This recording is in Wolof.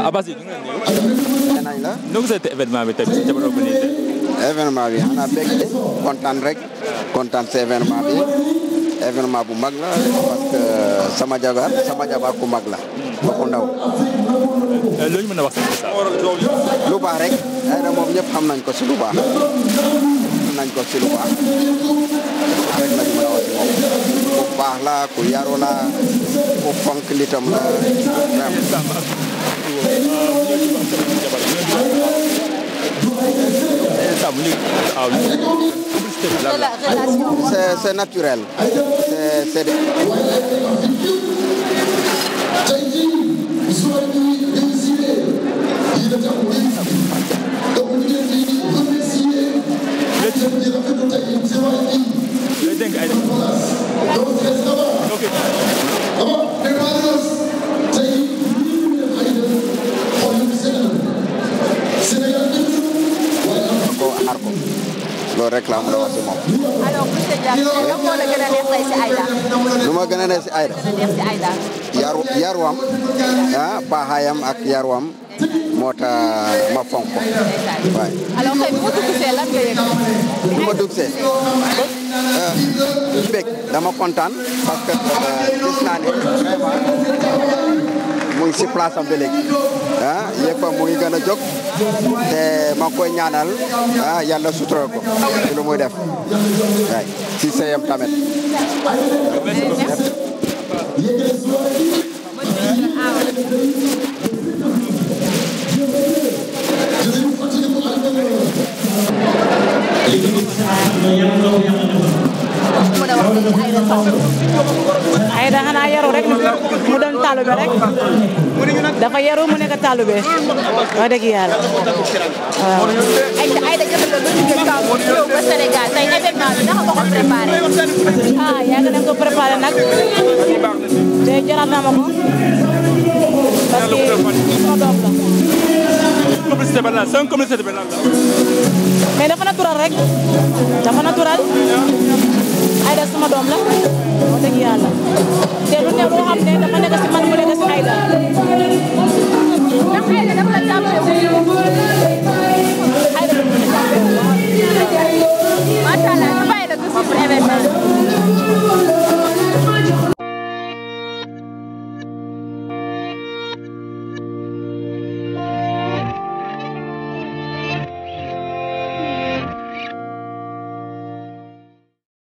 Abass yi ñu ngi leen nañ la noo gisee événement bi tamit si jamono bu nii événement bi xanaa bëgg kontaan rek kontaan si événement bi événement bu mag la parce que euh, sama jagar sama jabar ku mag la ndaw euh, lu mën a wax lu baax rek ay na moom ñëpp xam nañ ko si lu baax xam nañ ko si lu baax rek lañ mën a ku baax la ku yaru ko fonk li tam la c'est c'est naturel c'est c'est loolu rek laa si moom. lu ma gën a neex si Aïda. yarwam ah, baaxaayam ak yarwam moo tax ma fonk ko waay. ma dugg see ma ah, dama kontaan parce que euh, gis naa mu ngi si place am ba léegi ah, mu ngi gën a jóg te ma koy ñaanal ah yàlla sutural ko lu muy def waay si sëyam tamit. Aïda xanaa yaru rek mu taalube rek dafa yaru mu nekk taalube wax dëgg yàlla waaw. ayca ayca jërëjëf ba ñu jógee kaw ñëw ba Sénégal tey événement bi naka nga ko préparé ah yàgg nañ ko préparé nag tey jaraat na ma ko parce que sama doom la. mais dafa natural rek dafa natural Aïda sama doom la wax dëgg yàlla te lu ne loo xam ne dafa nekk si pour événement